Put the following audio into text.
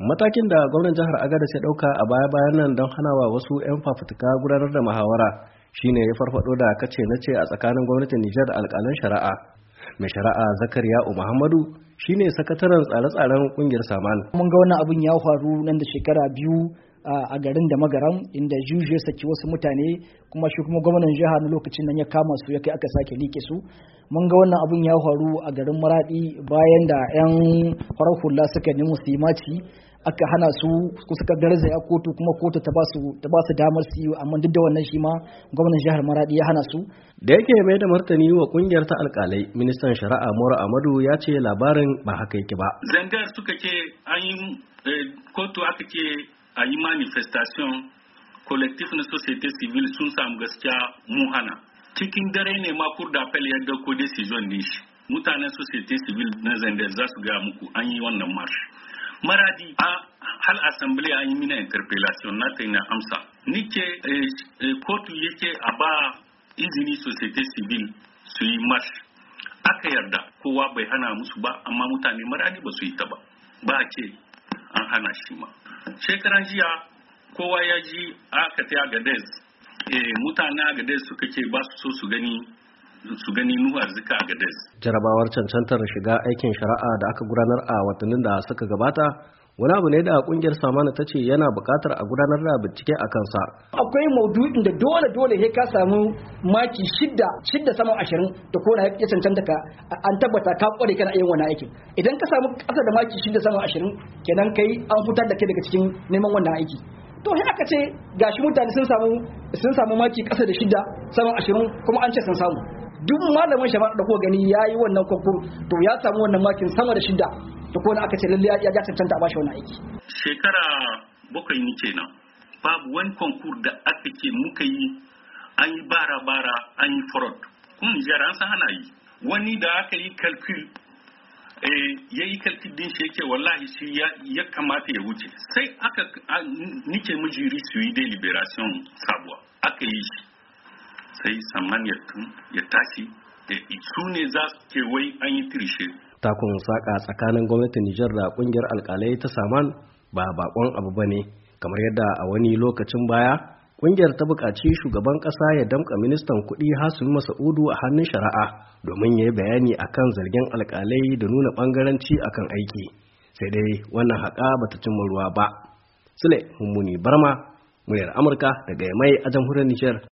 matakin da gwamnan jihar agada ya dauka a baya bayan nan don hana wa wasu 'yan fafutuka gudanar da muhawara shine ya farfado da kace na ce a tsakanin gwamnatin nijar da alkalan shari'a mai shari'a zakariya muhammadu shine sakataren tsare-tsaren kungiyar saman mun ga wannan abin ya faru nan da shekara biyu a garin da magaram inda juju ya saki wasu mutane kuma shi kuma gwamnan jiha na lokacin nan ya kama su ya kai aka sake like su mun ga wannan abun ya faru a garin maradi bayan da 'yan farar hula suka ni su yi maci aka hana su ko suka garzaya kotu kuma kotu ta ba su ta ba damar su yi amma duk da wannan shi ma gwamnan jihar Maradi ya hana su da yake mai da martani wa kungiyar ta alkalai ministan shari'a Mura Amadu ya ce labarin ba haka yake ba zangar suka ce an yi eh, kotu aka ce a yi manifestation collectif na société civile sun samu gaskiya mu hana cikin dare ne ma kur da fel ya ko decision din shi mutanen société civile na zangar za su ga muku an yi wannan march maradi a hal assembly an yi mina interpellation na ta na amsa ni ke eh, eh, kotu yake a ba izini society civil su yi march aka yarda kowa bai hana musu ba amma mutane maradi ba su yi ta ba ba a an hana shi ma shekaran jiya kowa ya ji aka ta agadez eh, mutane agadez suka ce ba su so su gani su gani nuhu arzika a gades jarabawar cancantar shiga aikin shari'a da aka gudanar a watannin da suka gabata wani abu ne da kungiyar samana ta ce yana bukatar a gudanar da bincike a kansa akwai maudu'in da dole dole sai ka samu maki shidda shidda sama ashirin da ko na ya cancanta ka an tabbata ka kware kana yin wani aikin idan ka samu kasa da maki shidda sama ashirin kenan kai an fitar da kai daga cikin neman wannan aiki to sai aka ce gashi mutane sun samu sun samu maki kasa da shida saman ashirin kuma an ce sun samu duk malamin shafa'a da ko gani ya yi wannan kwakwur to ya samu wannan makin sama da shida to ko aka ce lalle ya ga cancanta a bashi wani aiki shekara bakwai ne kenan babu wani konkur da aka ce muka yi an yi bara bara an yi fraud kuma nijar san hana yi wani da aka yi calcul Eh, ya yi kalkidin shi yake wallahi shi ya kamata ya wuce sai aka nike mijiri su yi deliberation sabuwa aka yi shi sai saman ya tashi su ne za su ke wai an yi tirishe takun saka tsakanin gwamnatin nijar da kungiyar alkalai ta saman ba bakon abu ba ne kamar yadda a wani lokacin baya Ƙungiyar ta buƙaci shugaban ƙasa ya damƙa ministan kuɗi Hasim Masa'udu a hannun shari'a domin ya yi bayani a kan zargin alƙalai da nuna ɓangaranci a kan aiki. Sai dai wannan haƙa bata cimma ruwa ba. Sule Mummuni Barma, muryar Amurka daga Yamai a jamhuriyar Nijar.